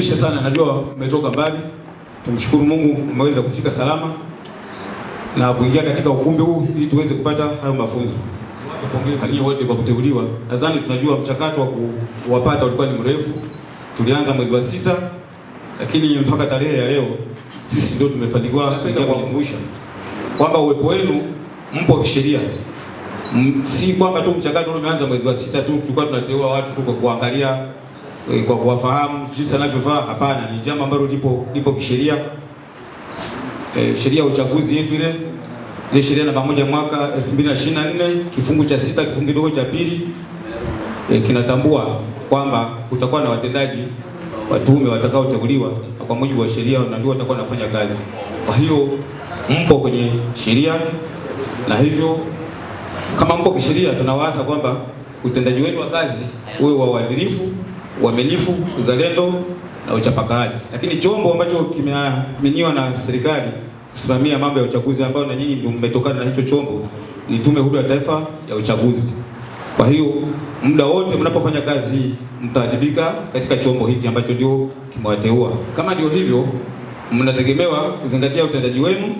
Ishe sana, najua mmetoka mbali. Tumshukuru Mungu mmeweza kufika salama na kuingia katika ukumbi huu ili tuweze kupata hayo mafunzo. Tupongeze nyinyi wote kwa kuteuliwa. Nadhani tunajua mchakato wa kuwapata ulikuwa ni mrefu, tulianza mwezi wa sita, lakini mpaka tarehe ya leo sisi ndio tumefanikiwa kuingia kwa kuwakumbusha kwamba uwepo wenu, mpo kisheria, si kwamba tu mchakato umeanza mwezi wa sita tu, tulikuwa tunateua watu tu kwa kuangalia Eh, kwa kuwafahamu jinsi anavyovaa. Hapana, ni jambo ambalo lipo lipo kisheria. E, sheria ya uchaguzi yetu ile ile sheria namba moja mwaka 2024 kifungu cha sita kifungu kidogo cha pili e, kinatambua kwamba kutakuwa na watendaji watume watakaoteuliwa kwa mujibu wa sheria na ndio watakuwa wanafanya kazi. Kwa hiyo mpo kwenye sheria, na hivyo kama mpo kisheria, tunawaasa kwamba utendaji wenu wa kazi uwe wa uadilifu uaminifu, uzalendo na uchapakazi. Lakini chombo ambacho kimeaminiwa na serikali kusimamia mambo ya uchaguzi, ambayo na nyinyi ndio mmetokana na hicho chombo, ni Tume Huru ya Taifa ya Uchaguzi. Kwa hiyo muda wote mnapofanya kazi mtaadibika katika chombo hiki ambacho ndio kimewateua. Kama ndio hivyo, mnategemewa kuzingatia utendaji wenu,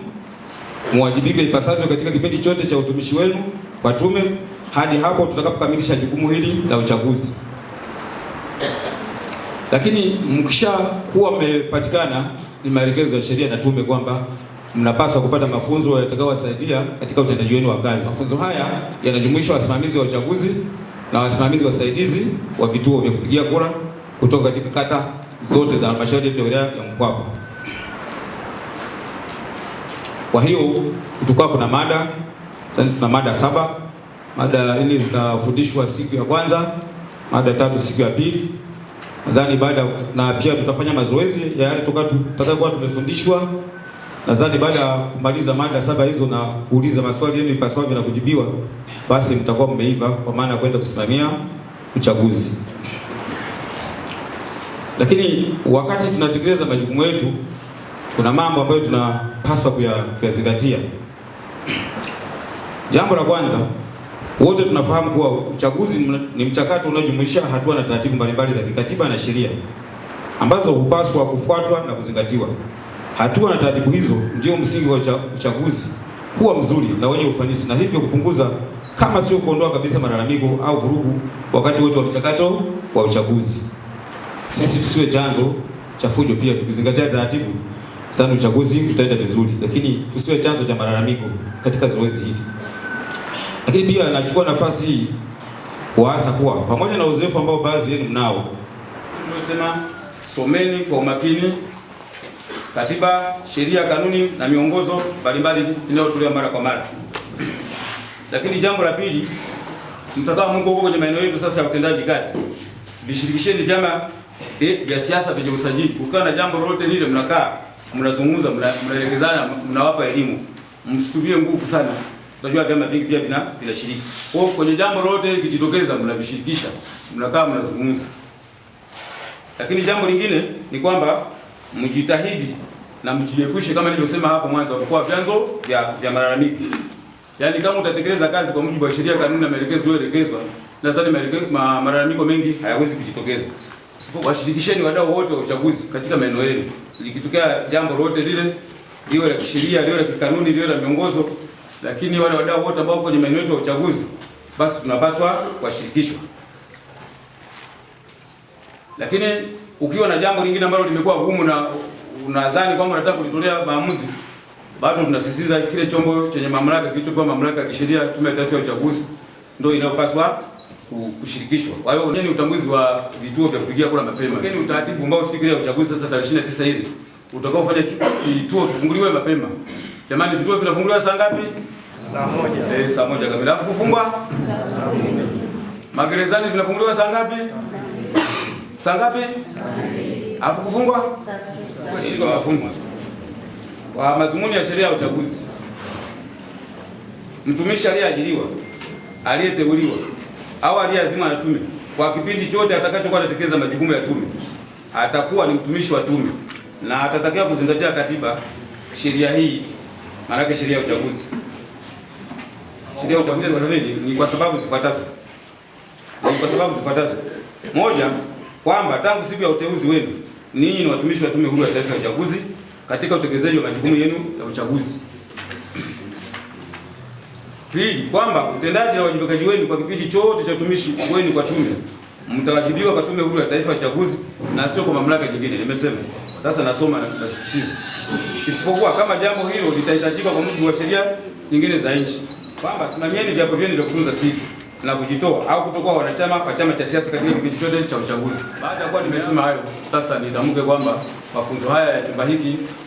muwajibike ipasavyo katika kipindi chote cha utumishi wenu kwa tume hadi hapo tutakapokamilisha jukumu hili la uchaguzi. Lakini mkishakuwa mmepatikana, ni maelekezo ya sheria na tume kwamba mnapaswa kupata mafunzo yatakayowasaidia katika utendaji wenu wa kazi. Mafunzo haya yanajumuisha wasimamizi wa uchaguzi na wasimamizi wasaidizi wa vituo vya kupigia kura kutoka katika kata zote za halmashauri yetu ya wilaya ya Mpwapwa. Kwa hiyo kutukawa kuna mada sasa, tuna mada saba. Mada hizi zitafundishwa siku ya kwanza, mada tatu siku ya pili nadhani baada na pia tutafanya mazoezi ya yale tutakayokuwa tumefundishwa. Nadhani baada ya kumaliza mada saba hizo na kuuliza maswali yenu ipasavyo na kujibiwa, basi mtakuwa mmeiva kwa maana ya kwenda kusimamia uchaguzi. Lakini wakati tunatekeleza majukumu yetu, kuna mambo ambayo tunapaswa kuyazingatia. Jambo la kwanza wote tunafahamu kuwa uchaguzi ni mchakato unaojumuisha hatua na taratibu mbalimbali za kikatiba na sheria ambazo hupaswa kufuatwa na kuzingatiwa. Hatua na taratibu hizo ndio msingi wa uchaguzi kuwa mzuri na wenye ufanisi, na hivyo kupunguza kama sio kuondoa kabisa malalamiko au vurugu wakati wote wa mchakato wa uchaguzi. Sisi tusiwe chanzo cha fujo, pia tukizingatia taratibu sana uchaguzi utaenda vizuri, lakini tusiwe chanzo cha malalamiko katika zoezi hili. Lakini pia nachukua nafasi hii waasa kuwa pamoja na uzoefu ambao baadhi yenu mnao, sema someni kwa umakini katiba, sheria, kanuni na miongozo mbalimbali inayotolewa mara kwa mara. Lakini jambo la pili, mtakao Mungu huko kwenye maeneo yetu sasa ya utendaji kazi, vishirikisheni vyama vya siasa vyenye usajili. Kukiwa na jambo lolote lile, mnakaa mnazungumza, mnaelekezana, mnawapa elimu, msitumie nguvu sana tunajua vyama vingi pia vina vinashiriki. Kwa hiyo kwenye jambo lolote likijitokeza, mnavishirikisha, mnakaa mnazungumza. Lakini jambo lingine ni kwamba mjitahidi na mjiepushe, kama nilivyosema hapo mwanzo, kwa vyanzo vya vya malalamiko. Yaani kama utatekeleza kazi kwa mujibu wa sheria, kanuni na maelekezo yaliyoelekezwa, nadhani ma, malalamiko mengi hayawezi kujitokeza. Washirikisheni wadau wote wa uchaguzi katika maeneo yenu. Likitokea jambo lolote lile, liwe la kisheria, liwe la kikanuni, liwe la miongozo lakini wale wadau wote ambao kwenye maeneo yetu ya uchaguzi, basi tunapaswa kuwashirikishwa. Lakini ukiwa na jambo lingine ambalo limekuwa gumu na unadhani kwamba unataka kulitolea maamuzi, bado tunasisitiza kile chombo chenye mamlaka kilichopewa mamlaka ya kisheria, Tume ya Taifa ya Uchaguzi, ndio inayopaswa kushirikishwa. Kwa hiyo ni utambuzi wa vituo vya kupigia kura mapema, lakini utaratibu ambao siku ya uchaguzi sasa tarehe 29 hili utakaofanya kituo kifunguliwe mapema. Jamani, vituo vinafunguliwa saa ngapi? Saa moja. Eh, saa moja kamili. Alafu kufungwa? Magerezani vinafunguliwa saa ngapi? Saa ngapi? Alafu kufungwa? Saa wafungwa. Kwa mazumuni ya sheria ya uchaguzi, mtumishi aliyeajiriwa, aliyeteuliwa au aliyeazima na tume kwa kipindi chote atakachokuwa anatekeleza majukumu ya tume atakuwa ni mtumishi wa tume na atatakiwa kuzingatia katiba, sheria hii Maanake sheria ya uchaguzi, sheria ya uchaguzi ni kwa sababu zifuatazo, ni kwa sababu zifuatazo. Moja, kwamba tangu siku ya uteuzi wenu ninyi ni watumishi wa Tume Huru ya Taifa ya Uchaguzi katika utekelezaji wa majukumu yenu ya uchaguzi. Pili, kwamba utendaji na uwajibikaji wenu kwa kipindi chote cha utumishi wenu kwa tume mtawajibiwa kwa Tume Huru ya Taifa ya Uchaguzi na sio kwa mamlaka nyingine. Nimesema sasa nasoma na kusisitiza, isipokuwa kama jambo hilo litahitajika kwa mujibu wa sheria nyingine za nchi, kwamba simamieni vyapo vyenu vya kutunza siri na kujitoa au kutokuwa wanachama kwa chama cha siasa katika kipindi chote cha uchaguzi. Baada ya kuwa nimesema hayo, sasa nitamke kwamba mafunzo haya ya chumba hiki